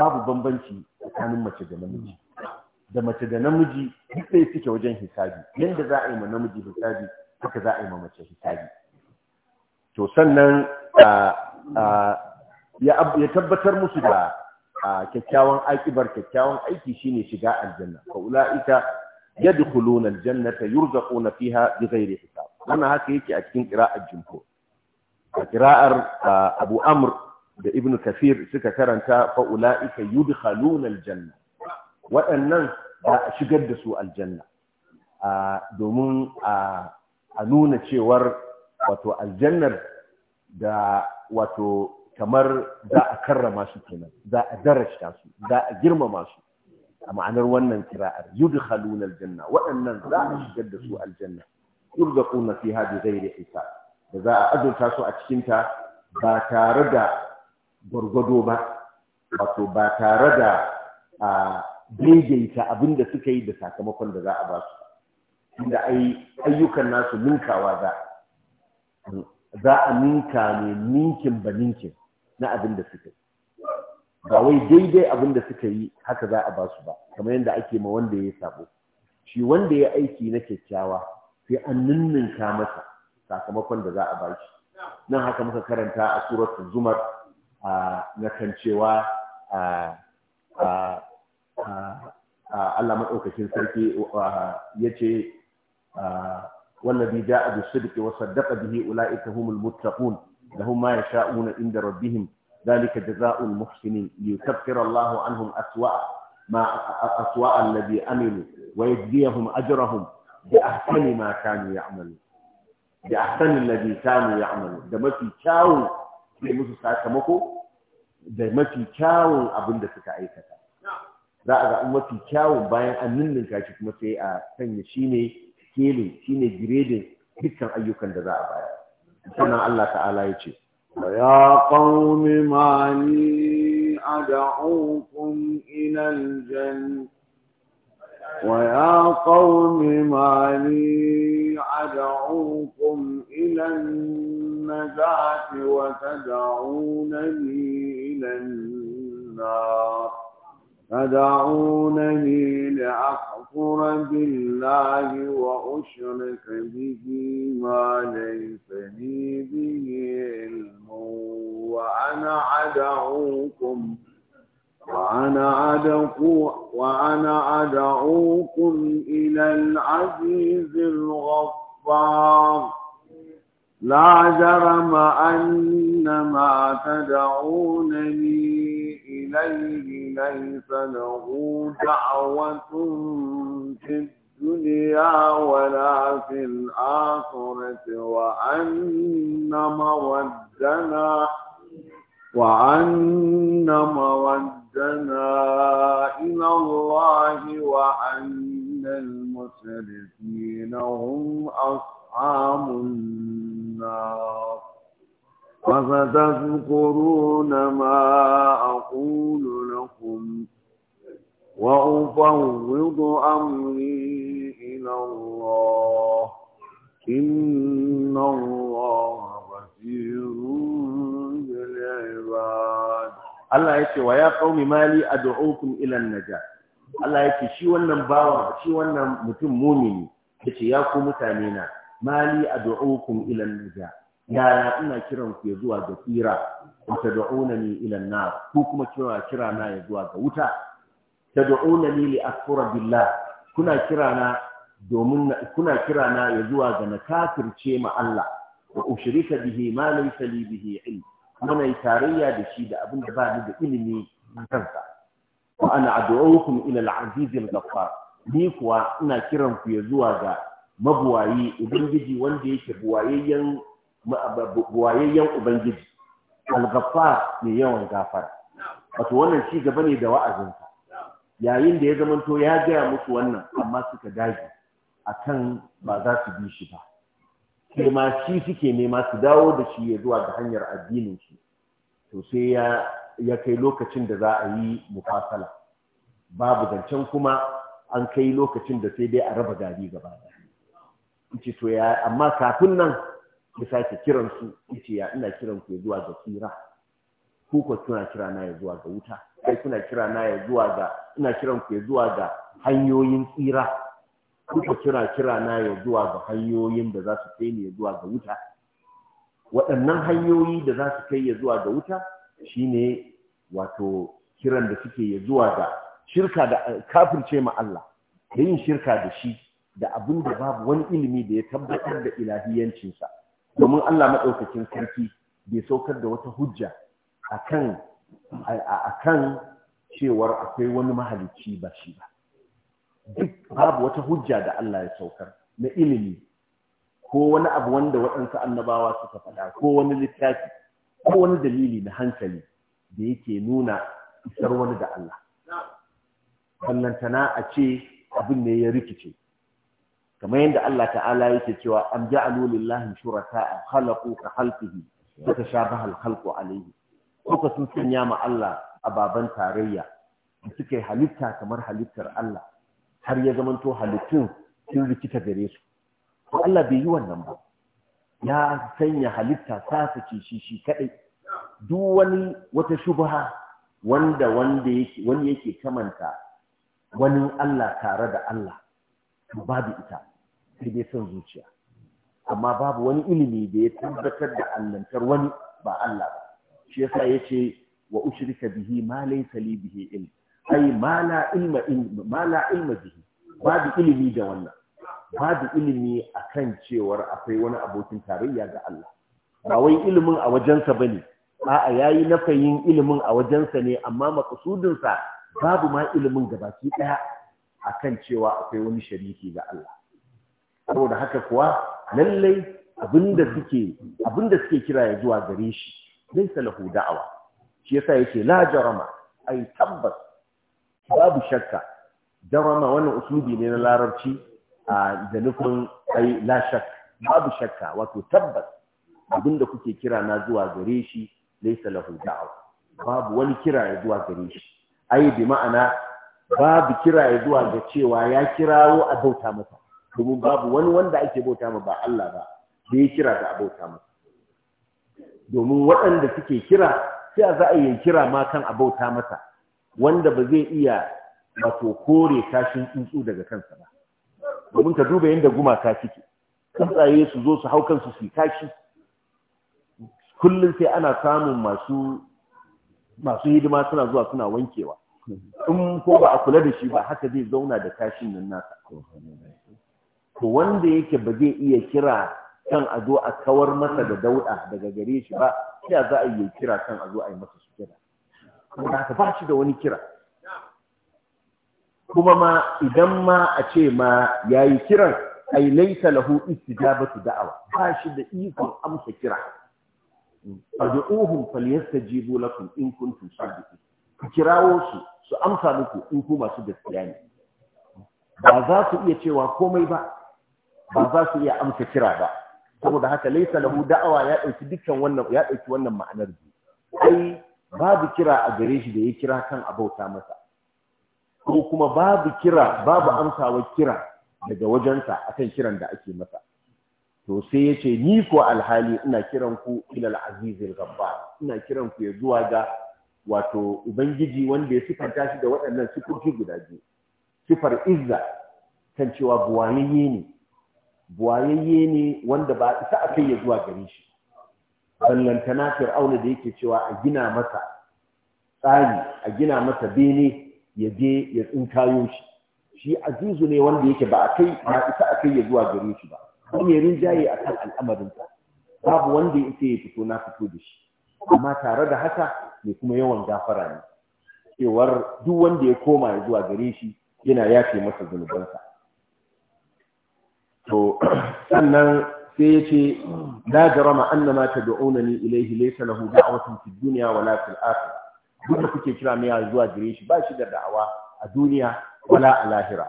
babu bambanci tsakanin mace da namiji da mace da namiji duk ɗaya suke wajen hisabi yadda za a yi ma namiji hisabi haka za a yi ma mace hisabi to sannan ya tabbatar musu da kyakkyawan aƙibar kyakkyawan aiki shine shiga aljanna fa ulaika yadkhuluna aljannata yurzaquna fiha bighairi hisab wannan haka yake a cikin qira'ar jumhur a qira'ar Abu Amr da Ibn kafir suka karanta fa ulaika yudkhaluna aljanna waɗannan ba a shigar da su aljanna domin a nuna cewar wato aljannar da wato kamar za a karrama su kenan za a darashta su za a girmama su a ma'anar wannan kira'ar yudkhaluna aljanna waɗannan za a shigar da su aljanna Yurga fiha bi zai hisab da za a azurta su a cikin ta ba tare da gwargwado ba wato ba tare da daidaita abin da suka yi da sakamakon da za a ba su inda ayyukan nasu ninkawa za za a ninka ne ninkin ba ninkin na abin da suka yi ba wai daidai abin da suka yi haka za a ba su ba kamar yadda ake ma wanda ya sabo shi wanda ya aiki na kyakkyawa sai an ninninka masa sakamakon da za a ba shi nan haka muka karanta a suratul zumar na kan cewa Allah maɗaukakin sarki yace ce wallazi ja'a bi sidqi wa saddaqa bihi ulaika humul muttaqun lahum ma yasha'una inda rabbihim dalika jazaa'ul muhsinin liyukaffira Allahu anhum aswa'a ma aswa'a alladhi amilu wa yajziyahum ajrahum bi ahsani ma kanu ya'malu bi ahsani alladhi kanu ya'malu da mafi kyawun da musu sakamako da mafi kyawun abin da suka aikata za a ga mafi kyawun bayan an ninninka shi kuma sai a sanya shi ne kelin shi ne giredin dukkan ayyukan da za a bayar sannan Allah ta'ala ya ce ya qaumi ma ni ad'ukum ila da jannah ويا قوم ما لي أدعوكم إلى النجاة وتدعونني إلى النار تدعونني لأكفر بالله وأشرك به ما ليس لي به علم وأنا أدعوكم وأنا أدعو وأنا أدعوكم إلى العزيز الغفار لا جرم أن ما تدعونني إليه ليس له دعوة في الدنيا ولا في الآخرة وأن مودنا وأن مودنا إلى الله وأن المسرفين هم أصحاب النار فستذكرون ما أقول لكم وأفوض أمري إلى الله إن الله بصير بالعباد الله يكي ويا قوم مالي أدعوكم إلى النجاة Allah ya ce, Shi wannan bawa shi wannan mutum mumini ya ce, ya ku mutanena mali ad'ukum ila an-najah yaya ina kiran ku ya zuwa ga tsira wa ni ila na, ku kuma kira kira na ya zuwa ga wuta ni li asfura billah kuna kira na domin kuna kira na ya zuwa ga na kafirce ma Allah wa ushrika bihi ma laysa li bihi ilm mana tarayya da shi da abin da ba ni da ilimi kansa wa ana ad'ukum ila al-aziz al-ghaffar ni kuwa ina kiran ku ya zuwa ga mabuwayi ubangiji wanda yake buwayayyen buwayayyen ubangiji al mai yawan gafara wato wannan ci gaba ne da wa'azinsa yayin da ya zamanto ya gaya musu wannan amma suka dage kan ba za su bi shi ba sai ma shi suke nema su dawo da shi ya zuwa ga hanyar addinin shi to sai ya kai lokacin da za a yi mufasala babu zancen kuma an kai lokacin da sai dai a raba gari gaba amma kafin nan ya sake kiran su yace ya ina kiran ku zuwa ga tsira ku ko kuna kira na ya zuwa ga wuta kai kuna kira na ya zuwa ga ina kiran ku zuwa ga hanyoyin tsira ku ko kira kira na ya zuwa ga hanyoyin da za su kai ni ya zuwa ga wuta waɗannan hanyoyi da za su kai ya zuwa ga wuta shine wato kiran da suke ya zuwa ga shirka da kafirce ma Allah da yin shirka da shi da abin da babu wani ilimi da ya tabbatar da ilahiyancinsa domin Allah maɗaukacin sarki bai saukar da wata hujja akan kan cewar akwai wani mahalicci ba shi ba duk babu wata hujja da Allah ya saukar na ilimi ko wani abu wanda waɗansu annabawa suka faɗa ko wani littafi ko wani dalili na hankali da yake nuna isar wani da Allah. Kallantana a ce abin ne ya rikice. kamar yadda Allah ta'ala yake cewa am ja'alu lillahi shuraka khalaqu ka khalqihi suka shabaha al-khalqu alayhi suka sun sanya ma Allah ababan tarayya suka halitta kamar halittar Allah har ya zamanto halittun sun rikita gare su to Allah bai yi wannan ba ya sanya halitta sasa sace shi shi kadai duk wani wata shubha wanda wanda yake wani yake kamanta wani Allah tare da Allah to babu ita sai dai son zuciya amma babu wani ilimi da ya tabbatar da allantar wani ba Allah ba shi yasa yace wa ushrika bihi ma laysa li bihi ilm ai ma la ilma ma la ilma bihi babu ilimi da wannan babu ilimi akan cewar akwai wani abokin tarayya ga Allah ba wai ilimin a wajensa bane a'a yayi nafayin ilimin a wajensa ne amma makasudinsa babu ma ilimin gabaki daya akan cewa akwai wani shariki ga Allah saboda haka kuwa lallai abinda suke abinda suke kira ya zuwa gare shi laysa lahu da'awa shi yasa yake la jarama ai tabbas babu shakka jarama wannan usubi ne na larabci da nufin ai la shakka babu shakka wato tabbas abinda kuke kira na zuwa gare shi laysa lahu da'awa babu wani kira ya zuwa gare shi ai bi ma'ana babu kira ya zuwa ga cewa ya kirawo a bauta masa domin babu wani wanda ake bauta ma ba Allah ba da ya kira da abauta masa domin waɗanda suke kira sai a za a yi kira ma kan abauta masa wanda ba zai iya wato kore kashin tsuntsu daga kansa ba domin ka duba yadda gumaka suke tsuntsaye su zo su hau kansu su kashi kullum sai ana samun masu masu hidima suna zuwa suna wankewa in ko ba a kula da shi ba haka zai zauna da kashin nan nasa to wanda yake ba zai iya kira kan a zo a kawar masa da dauɗa daga gare shi ba ya za a yi kira kan a zo a yi masa su kira kuma ba da wani kira kuma ma idan ma a ce ma ya yi kiran ai laisa lahu istijabatu da'awa ba shi da ikon amsa kira fad'uhum falyastajibu lakum in kuntum sadiqin ku kirawo su su amsa muku in ku masu gaskiya ne ba za su iya cewa komai ba ba za su iya amsa kira ba saboda haka laisa lahu da'awa ya dauki dukkan wannan ya dauki wannan ma'anar ji ai babu kira a gare shi da ya kira kan abauta masa ko kuma babu kira babu amsawa kira daga wajensa akan kiran da ake masa to sai ya ce ni ko alhali ina kiran ku ilal azizil gabbar ina kiran ku ya zuwa ga wato ubangiji wanda ya sifanta shi da waɗannan sifofi guda biyu sifar izza kan cewa buwayayye ne buwayayye ne wanda ba isa a kai ya zuwa gare shi ballantana fir'auna da yake cewa a gina masa tsari a gina masa bene ya je ya tsinkayo shi shi azizu ne wanda yake ba a kai ba isa a kai ya zuwa gare shi ba kuma ya rinjaye a kan al'amarinsa babu wanda ya ya fito na fito da shi amma tare da haka ne kuma yawan gafara ne cewar duk wanda ya koma ya zuwa gare shi yana yafe masa zunubansa to sannan sai ya ce la jarama annama onani ilaihi laysa lahu da'watun fi dunya wala fil akhirah duk da kuke kira mai zuwa gare shi ba shi da da'awa a duniya wala a lahira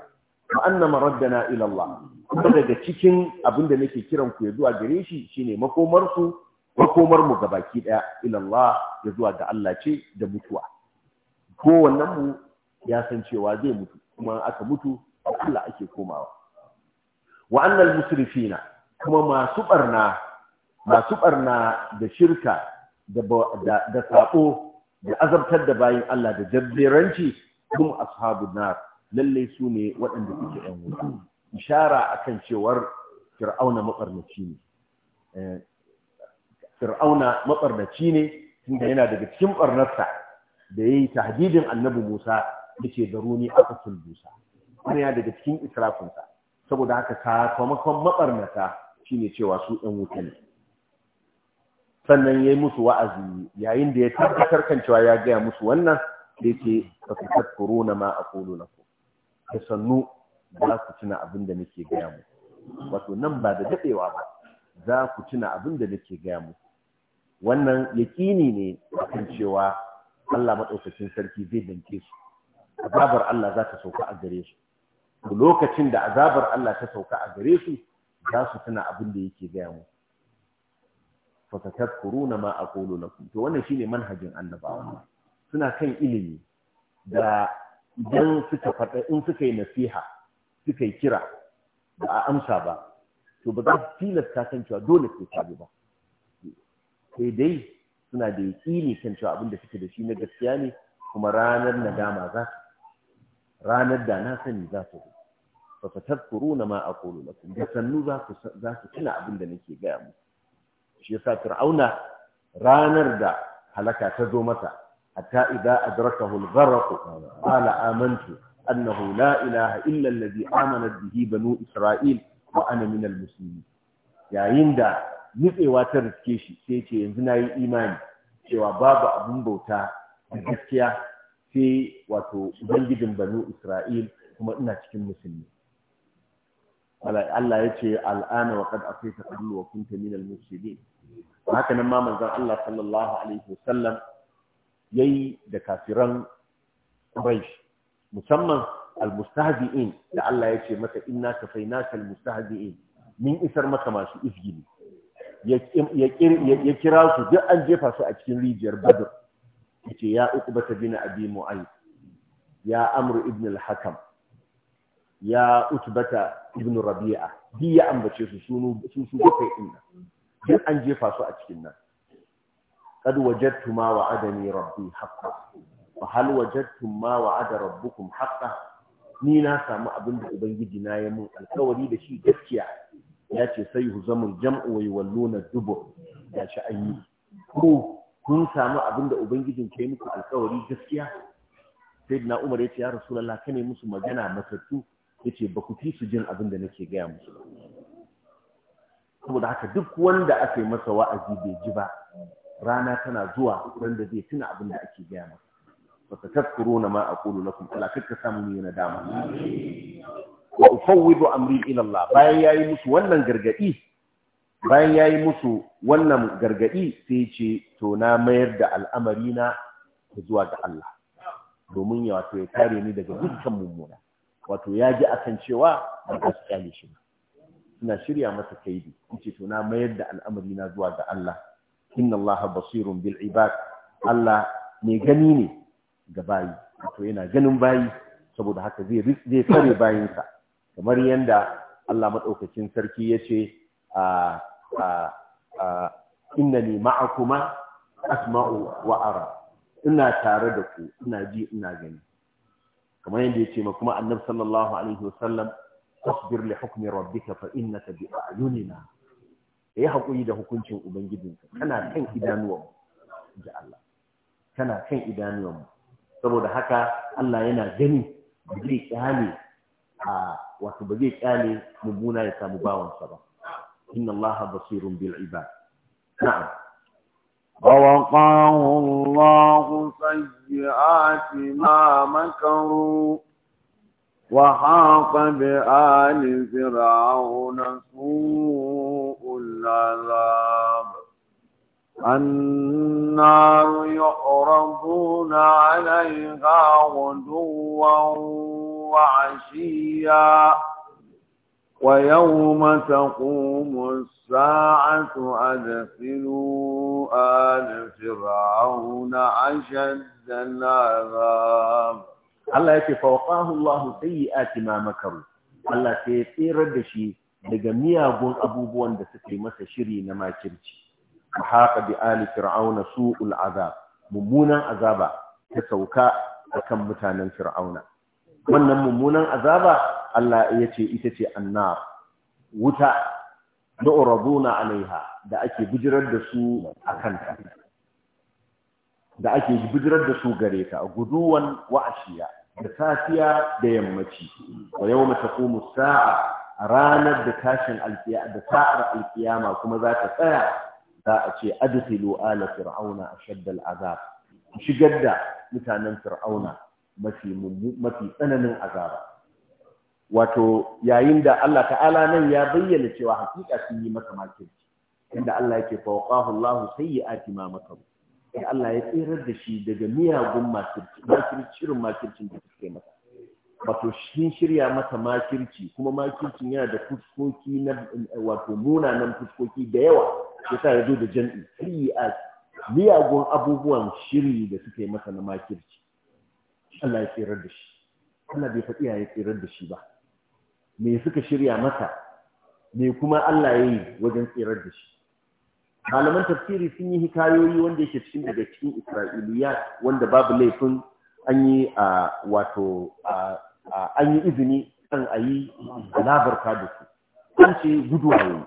wa annama raddana ila Allah kuma daga cikin abin da nake kiran ku ya zuwa gare shi shine makomar ku makomar mu ga daya ila Allah ya zuwa ga Allah ce da mutuwa ko mu ya san cewa zai mutu kuma aka mutu Allah ake komawa wa annal musrifina kuma masu barna masu barna da shirka da sabo da azabtar da bayin Allah da jabberanci hum ashabu nar lalle su ne waɗanda suke yan wuta ishara akan cewar fir'auna matsarnaci ne eh, fir'auna matsarnaci ne tunda yana daga cikin barnarsa da yayi tahdidin annabi Musa yace daruni aqtul Musa wannan daga cikin israfinsa saboda haka sakamakon mabarnata shine cewa su ɗan wuta ne sannan ya yi musu wa'azi yayin da ya tabbatar kan cewa ya gaya musu wannan da yake ba ma a kolo na ku ka sannu za ku tuna abin da nake gaya mu wato nan ba da daɗewa ba za ku tuna abin da nake gaya mu wannan yaƙini ne kan cewa Allah maɗaukacin sarki zai dance su azabar Allah za ta sauka a gare su lokacin da azabar Allah ta sauka a gare su za su tuna abin da yake gaya mu fatatadkuruna ma aqulu lakum to wannan shine manhajin annabawa suna kan ilimi da idan suka fada in suka yi nasiha suka yi kira ba a amsa ba to ba za su tilasta kan cewa dole su sabi ba sai dai suna da yaƙini kan cewa abin da suke da shi na gaskiya ne kuma ranar nadama za su ranar da na sani za ta zo fa fatadkuruna ma aqulu lakum da sannu za ku za ku tuna abin da nake gaya muku shi yasa fir'auna ranar da halaka ta zo masa hatta idza adrakahu al-gharq qala amantu annahu la ilaha illa alladhi amanat bihi banu isra'il wa ana min al-muslimin yayin da nutsewa ta riske shi sai ce yanzu nayi imani cewa babu abin bauta gaskiya sai wato ubangijin banu isra'il kuma ina cikin musulmi Allah ya ce al'ana wa qad asayta qablu wa kunta min al-mufsidin haka nan ma manzon Allah sallallahu alaihi wasallam yayi da kafiran quraish musamman al-mustahzi'in da Allah ya ce maka inna kafaynaka al-mustahzi'in min isar maka masu izgili ya kira su duk an jefa su a cikin rijiyar badr yace ya uqbata bin abi mu'ayth ya amr ibn al-hakam ya utbata ibn rabi'a bi ya ambace su sunu su su bakwai din duk an jefa su a cikin nan kad wajadtu ma wa'adani rabbi haqqan fa hal wajadtum ma wa'ada rabbukum haqqan ni na samu abin da ubangiji na ya mun alkawari da shi gaskiya ya ce sai hu zamun jam'u wai walluna dubu ya ci an yi ko kun samu abin da ubangijin yi muku alkawari gaskiya sai na umar ya ce ya rasu rasulallah kane musu magana matattu ya ce ba ku fi su jin abin da nake gaya musu ba saboda haka duk wanda aka yi masa wa'azi bai ji ba rana tana zuwa wanda zai tuna abin da ake gaya masa fasa tafkuro na ma a na lakum ala kakka samu ne na dama wa ufawwidu amri ila Allah bayan yayi musu wannan gargadi bayan ya yi musu wannan gargaɗi sai ce to na mayar da al'amarina zuwa ga Allah domin ya wato ya kare ni daga dukkan mummuna wato ya ji akan cewa ba za su shi ba suna shirya masa kaidi yace to na mayar da al'amarina zuwa ga Allah inna Allah basirun bil ibad Allah ne gani ne ga bayi wato yana ganin bayi saboda haka zai zai kare bayinsa kamar yanda Allah madaukakin sarki yace innani ma'akuma asma'u wa ara ina tare da ku ina ji ina gani kamar yadda ya ce ma kuma annab sallallahu alaihi wasallam tasbir li hukmi rabbika fa innaka bi ayunina yayi hakuri da hukuncin ubangijinka kana kan idanuwan ji Allah kana kan idanuwan saboda haka Allah yana gani ba kyale a wato ba kyale mu buna ya samu bawansa ba إن الله بصير بالعباد نعم ووقاه الله سيئات ما مكروا وحاق بآل فرعون سوء العذاب النار يعرضون عليها غدوا وعشيا ويوم تقوم الساعة أدخلوا آل فرعون أشد العذاب الله يكي فوقاه الله سيئات ما مكروا الله سيطير ردشي لجميع أبون أبوبون دستري مسا شري نما كرشي محاق بآل فرعون سوء العذاب ممونا عذابا تسوكا وكم متانا فرعون wannan ممونا عذابا Allah ya ce ita ce annar wuta na alaiha da ake bijirar da su a kanta da ake bijirar da su gare ta guduwan wa da safiya da yammaci wa yawma taqumu sa'a ranar da tashin alkiya da sa'ar alkiyama kuma za ta tsaya za a ce adkhilu ala fir'auna ashadda al'azab shigar da mutanen fir'auna mafi mafi tsananin azaba wato yayin da Allah ta'ala nan ya bayyana cewa hakika sun yi masa makirci inda Allah yake fawqahu Allahu sayyi'ati ma makaru sai Allah ya tsirar da shi daga miyagun makirci makircin makircin da suke masa wato shin shirya masa makirci kuma makircin yana da fuskoki na wato munanan fuskoki da yawa yasa ya zo da jan'i sayyi'ati miyagun abubuwan shiri da suke masa na makirci Allah ya tsirar da shi Allah bai faɗi ya tsirar da shi ba me suka shirya masa me kuma Allah ya yi wajen tsirar da shi malaman tafsiri sun yi hikayoyi wanda yake cikin daga cikin isra'iliya wanda babu laifin an yi a wato an yi izini kan a yi labarta da su an ce gudu a yi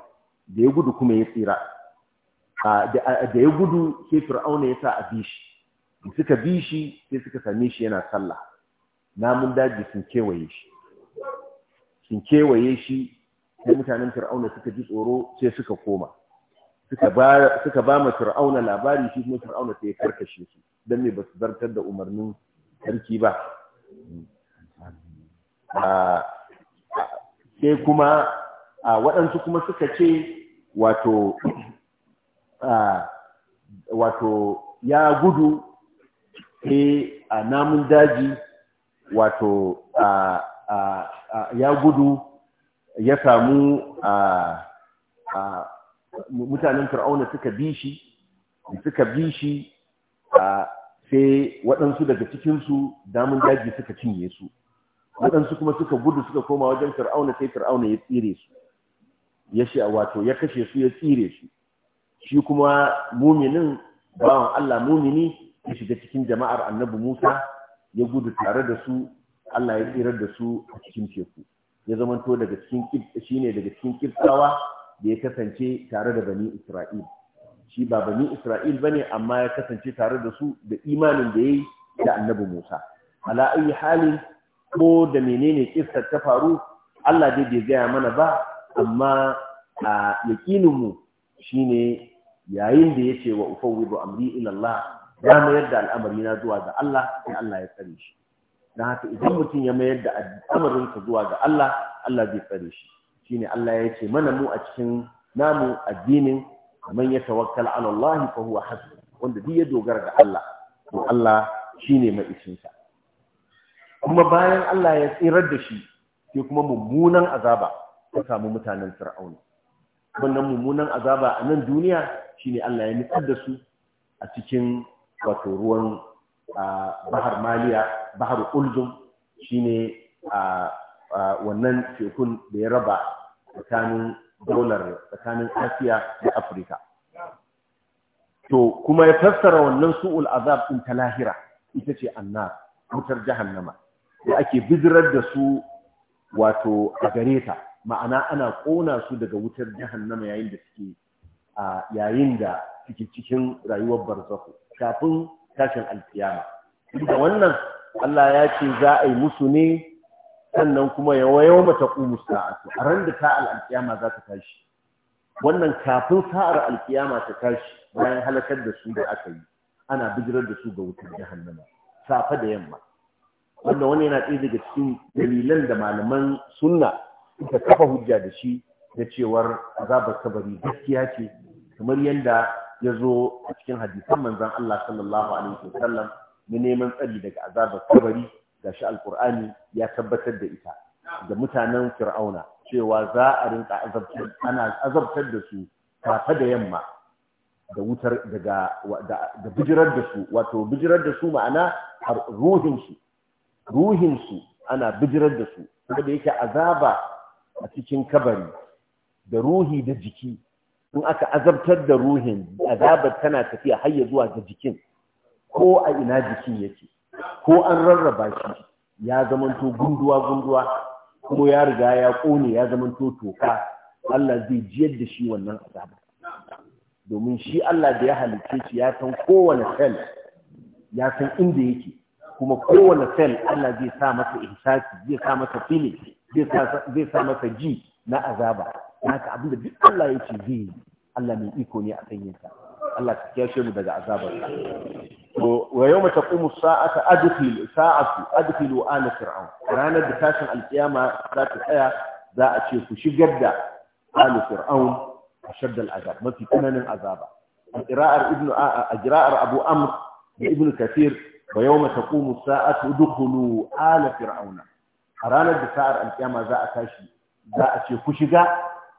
da ya gudu kuma ya tsira da ya gudu sai fir'auna ya sa a bi shi da suka bi shi sai suka same shi yana sallah namun daji sun kewaye shi sun kewaye shi sai mutanen fir'auna suka ji tsoro sai suka koma suka ba ma fir'auna labari shi kuma fir'auna sai ya karkashe su don mai ba su zartar da umarnin sarki ba sai kuma a waɗansu kuma suka ce wato wato ya gudu sai a namun daji wato ya gudu ya samu mutanen fir'auna suka bi shi suka bi shi a sai waɗansu daga cikinsu damun daji suka cinye su waɗansu kuma suka gudu suka koma wajen fir'auna sai fir'auna ya tsire su ya shi a wato ya kashe su ya tsire su shi kuma muminin bawan Allah mumini ya shiga cikin jama'ar annabi Musa ya gudu tare da su Allah ya tsirar da su a cikin teku ya zamanto daga cikin shine daga cikin kirsawa da ya kasance tare da bani Isra'il shi ba bani Isra'il ba ne, amma ya kasance tare da su da imanin da ya yi da Annabi Musa ala ayi halin ko da menene kissar ta faru Allah dai bai gaya mana ba amma a yakinin mu shine yayin da ya ce wa ufawwidu amri ila Allah ya mayar da al'amari na zuwa ga Allah sai Allah ya tsare shi Na haka idan mutum ya mayar da al'amarinsa zuwa ga Allah Allah zai tsare shi shine Allah ya ce mana mu a cikin namu addinin man ya tawakkal ala Allah fa huwa wanda duk ya dogara ga Allah to Allah shine mai isinsa kuma bayan Allah ya tsirar da shi sai kuma mummunan azaba ta samu mutanen Fir'auna wannan mummunan azaba a nan duniya shine Allah ya nutsar da su a cikin wato ruwan ah, bahar maliya bahar uldum shine a wannan tekun da ya raba tsakanin dolar tsakanin asiya da afirka to kuma ya fassara wannan su'ul azab din ta lahira ita ce anna wutar jahannama da ake bizirar da su wato a gare ta ma'ana ana kona su daga wutar jahannama yayin da suke a yayin da suke cikin rayuwar barzakhu kafin tashin alkiyama da wannan Allah ya ce za a yi musu ne sannan kuma yawa yawa mata ƙumu sa'atu a ran da ta'al alƙiyama za ta tashi wannan kafin sa'ar alƙiyama ta tashi bayan halakar da su da aka yi ana bijirar da su ga wutar jahannama safa da yamma wanda wani yana ɗaya daga cikin dalilan da malaman sunna suka kafa hujja da shi da cewar azabar kabari gaskiya ce kamar yadda ya zo a cikin hadisan manzon Allah sallallahu alaihi wasallam na neman tsari daga azabar kabari shi alkur'ani ya tabbatar da ita da mutanen fir'auna cewa za a rinka azabtar da su safe da yamma da wutar daga da bijirar da su wato bijirar da su ma'ana ruhin su ruhin su ana bijirar da su saboda yake azaba a cikin kabari da ruhi da jiki in aka azabtar da ruhin azabar tana tafiya har ya zuwa ga jikin ko a ina jikin yake ko an rarraba shi ya zamanto gunduwa gunduwa kuma ya riga ya kone ya zamanto toka Allah zai jiyar da shi wannan azaba domin shi Allah da ya halicce shi ya san kowane sel ya san inda yake kuma kowane sel Allah zai sa masa ihsasi zai sa masa filin, zai sa masa ji na azaba haka abinda duk Allah ya ce zai Allah mai iko ne a sanyinsa Allah ka kyashe mu daga azabar wa yau mata kuma sa'ata adkhilu sa'atu adkhilu ala fir'aun ranar da tashin alkiyama za ta tsaya za a ce ku shigar da ala fir'aun ashadd al'azab mafi tsananin azaba a qira'ar ibnu a qira'ar abu amr da ibnu kathir wa yau mata kuma sa'atu dukhulu ala fir'auna a ranar da sa'ar alkiyama za a tashi za a ce ku shiga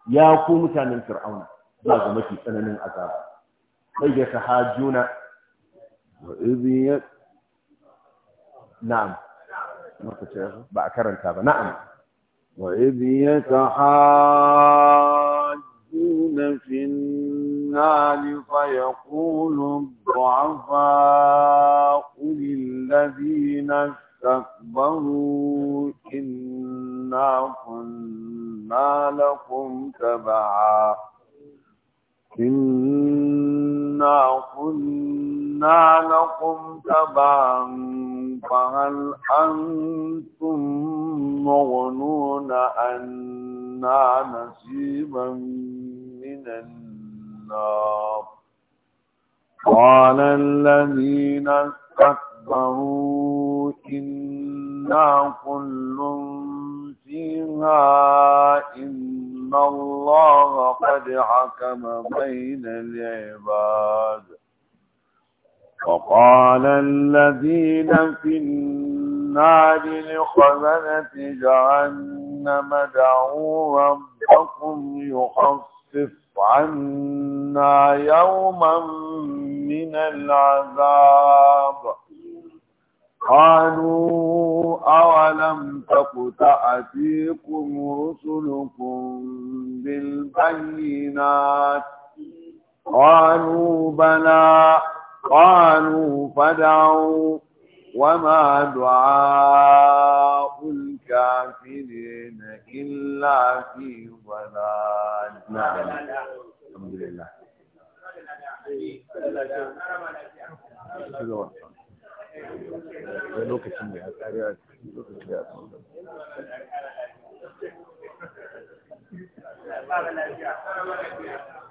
ya mutanen fir'auna za ga mafi tsananin azaba sai ya وإذ ي... نعم بأكرنتها نعم وإذ يتحاجون في النار فيقول الضعفاء للذين استكبروا إنا كنا لكم تبعا إنا كنا لكم تبعا فهل أنتم مغنون أنا نصيبا من النار قال الذين استكبروا إنا كل فيها إن الله قد حكم بين العباد وقال الذين في النار لخزنة جهنم دعوا ربكم يخفف عنا يوما من العذاب قالوا أولم تك تأتيكم رسلكم بالبينات قالوا بلى قالوا فدعوا وما دعاء الكافرين إلا في ضلال نعم الحمد لله Thank you.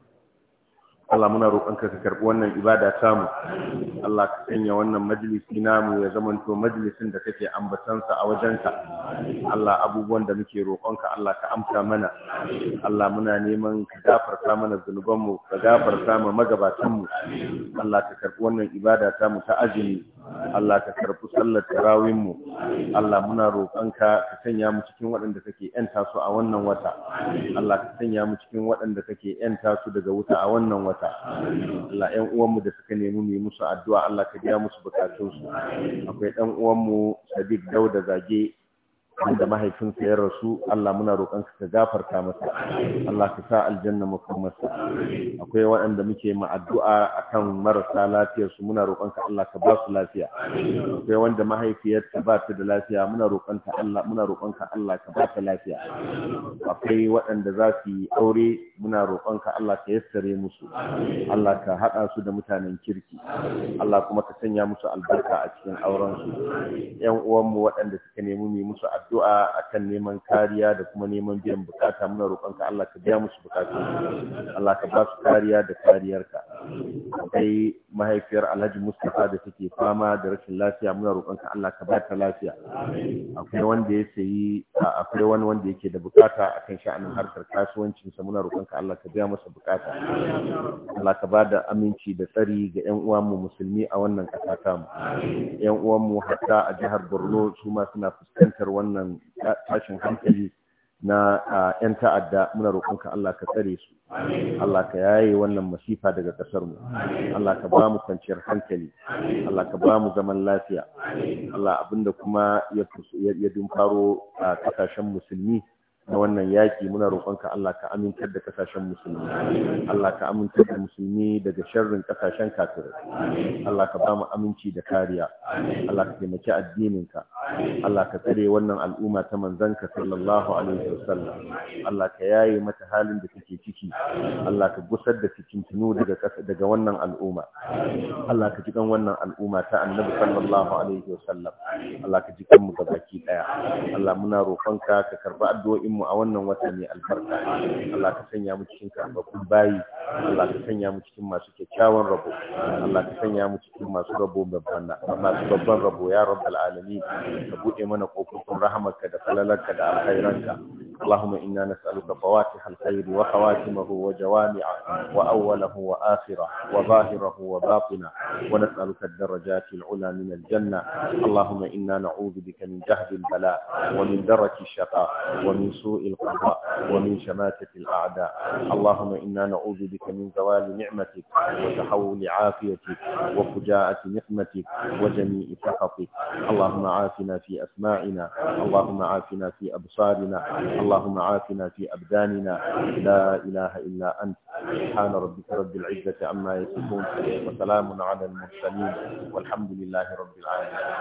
Allah muna roƙonka ka karɓi wannan ibada tamu Allah ka sanya wannan majalisi namu ya zamanto majalisin da kake ambatansa a wajenka Allah abubuwan da muke roƙonka Allah ka amsa mana Allah muna neman ka gafarta mana zunubanmu ka gafarta mu magabatanmu Allah ka karɓi wannan ibada tamu ta azumi Allah ka karɓi sallar tarawin mu Allah muna roƙonka ka sanya mu cikin waɗanda kake yanta su a wannan wata Allah ka sanya mu cikin waɗanda kake yanta su daga wuta a wannan wata Allah ƴan uwanmu da suka nemi mu musu addu'a Allah ka biya musu bukatunsu akwai ɗan uwanmu Sadiq Dauda Zage wanda mahaifinsa ya rasu Allah muna roƙonka ka gafarta masa Allah ka sa aljanna masa. akwai waɗanda muke ma addu'a akan marasa lafiyar su muna roƙonka Allah ka ba su lafiya akwai wanda mahaifiyarta ba ta da lafiya muna roƙonka Allah muna roƙonka Allah ka ba ta lafiya akwai waɗanda za su yi aure muna roƙonka Allah ka yassare musu Allah ka haɗa su da mutanen kirki Allah kuma ka sanya musu albarka a cikin auren su ƴan uwanmu waɗanda suka nemi mu musu addu'a akan neman kariya da kuma neman biyan bukata muna ka Allah ka biya musu bukata Allah ka ba su kariya da kariyarka akwai mahaifiyar Alhaji Mustapha da take fama da rashin lafiya muna ka Allah ka ba ta lafiya akwai wanda ya sayi akwai wani wanda yake da bukata akan sha'anin harkar kasuwancinsa muna ka Allah ka biya masa bukata Allah ka ba da aminci da tsari ga 'yan mu musulmi a wannan ƙasa ƴan 'yan mu hatta a jihar Borno su ma suna fuskantar wannan wannan tashin hankali na ‘yan ta'adda muna roƙonka Allah ka tsare su, Allah ka yaye wannan masifa daga mu Allah ka ba mu kwanciyar hankali, Allah ka ba mu zaman lafiya, Allah abinda kuma ya dunfaro a ƙasashen musulmi na wannan yaƙi muna roƙonka Allah ka amintar da kasashen musulmi Allah ka amintar da musulmi daga sharrin kasashen kafirai Allah ka ba mu aminci da kariya Allah ka taimaki addininka Allah ka tsare wannan al'umma ta manzanka sallallahu alaihi wasallam Allah ka yaye mata halin da take ciki Allah ka gusar da tuno daga daga wannan al'umma Allah ka jikan wannan al'umma ta annabi sallallahu alaihi wasallam Allah ka jikan mu gabaki daya Allah muna roƙonka ka karba addu'o'i mu a wannan wata mai albarka Allah ka sanya mu cikin karbabbun bayi Allah ka sanya mu cikin masu kyakkyawan rabo Allah ka sanya mu cikin masu rabo babban masu babban rabo ya rabbal alamin ka bude mana kofofin rahamarka da falalarka da alkhairanka اللهم إنا نسألك فواتح الخير وخواتمه وجوامعه وأوله وآخره وظاهره وباطنه ونسألك الدرجات العلى من الجنة اللهم إنا نعوذ بك من جهد البلاء ومن درك الشقاء ومن سوء القضاء ومن شماتة الأعداء اللهم إنا نعوذ بك من زوال نعمتك وتحول عافيتك وفجاءة نقمتك وجميع سخطك اللهم عافنا في أسماعنا اللهم عافنا في أبصارنا اللهم عافنا في أبداننا لا إله إلا أنت سبحان ربك رب العزة عما يصفون وسلام على المرسلين والحمد لله رب العالمين